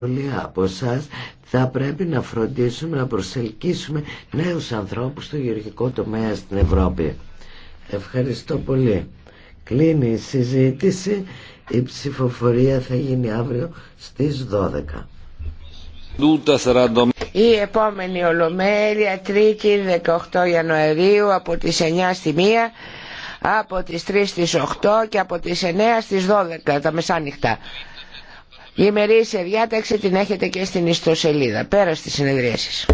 Πολλοί από εσά θα πρέπει να φροντίσουμε να προσελκύσουμε νέους ανθρώπους στο γεωργικό τομέα στην Ευρώπη. Ευχαριστώ πολύ. Κλείνει η συζήτηση. Η ψηφοφορία θα γίνει αύριο στις 12. Η επόμενη Ολομέλεια, Τρίτη, 18 Ιανουαρίου, από τις 9 στη 1, από τις 3 στις 8 και από τις 9 στις 12 τα μεσάνυχτα. Η ημερήσια διάταξη την έχετε και στην ιστοσελίδα. Πέρα στις σας.